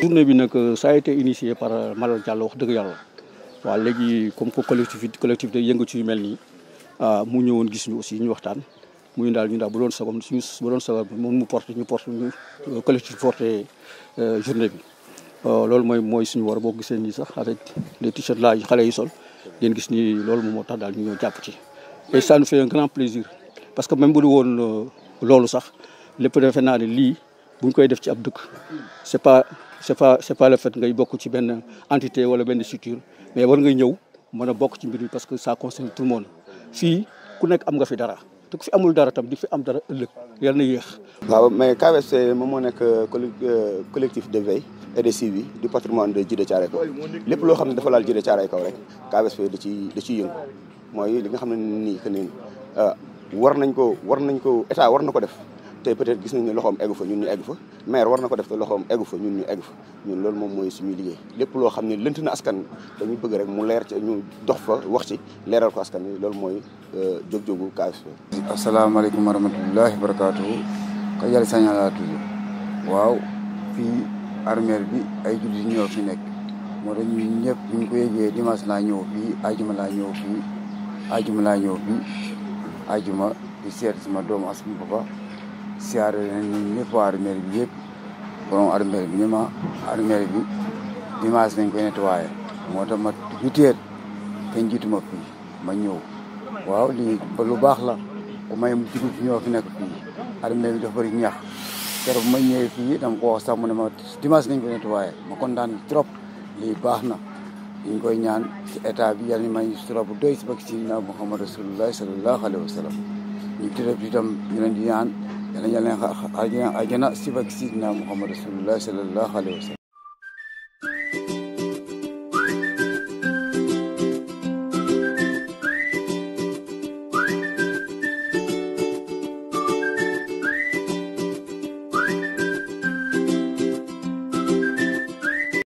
journée bi nag ça a été initié par Malal Diallo wax dëgg yàlla waaw léegi comme que collectivité collectivité yëngu ci yu mel nii ah, mu ñëwoon gis ñu aussi ñu waxtaan muy daal ñu daal bu doon sagam suñu bu doon sagam mu porte ñu porte ñu collectif eh, journée bi Oh, loolu moy moy suñu war boo gisee nii sax avec les t-shirts là xalé yi sol ngeen gis ni loolu mo moo tax daal ñu ñëw japp ci et ça nous fait un grand plaisir parce que même bu du woon euh, loolu sax lépp defe naa ne lii buñ koy def ci ab dëkk c'est pas c'est pas c'est pas le fait ngay bokk ci ben entité wala ben structure mais war ngay ñëw mëna a bokk ci mbir parce que ça concerne tout le monde fi ku nekk am nga fi dara te ku fi amul dara tam di fi am dara ëllëg yal na yéex. waaw mais KVSP euh, moom moo nekk euh, euh, collectif de veille et de suivi du patrimoine de Djiddah Thiaroye Kaw lépp loo xam ne dafa laal Djiddah Thiaroye Kaw rek KVSP da ciy da ciy yëngu mooy li nga xam ne nii que ni war nañ ko war nañ ko état war na ko def. te peut-être gis nañ ne loxoom eggu fa ñun ñu eggu fa maire war na ko def te loxoom eggu fa ñun ñu eggu fa ñun loolu moom mooy suñuy liggéey lépp loo xam ne lënt na askan dañu bëgg rek mu leer ci ñu dox fa wax ci leeral ko askan wi loolu mooy euh, jóg-jógu KSP asalaamaaleykum wa rahmatullahi wa barakaatuhu ka yàlla saña laa tudd waaw fi armeel bi ay jullit ñoo fi nekk moo tax ñun ñëpp ñu ko yëgee dimanche laa ñëw fii ajuma laa ñëw fii ajuma laa ñëw fii ajuma ma seet sama doomu as siyaare leen ñun ñëpp waa bi yëpp borom armeel bi ni ma armeel bi dimanche nañ koy nettoyé moo ta ma huit kenn jiitu ma ma ñëw waaw li ba lu baax la ku may dugub ñoo fi nekk fii bi dafa bëri ñax keroog ma ñëwee fii dama ko wax sax mu ne ma nañ koy nettoyé ma kontaan trop lii baax na ñu koy ñaan ci état bi yàlla ñu may sutura bu doy si bakk si naa Muhammad rasulullah sallallahu alayhi wa sallam ñu tërëb itam ñu ñaan yàlla na yàlla na xaajana si vaccine na Muhammad Rasulullah sallallahu alaihi Wasallam.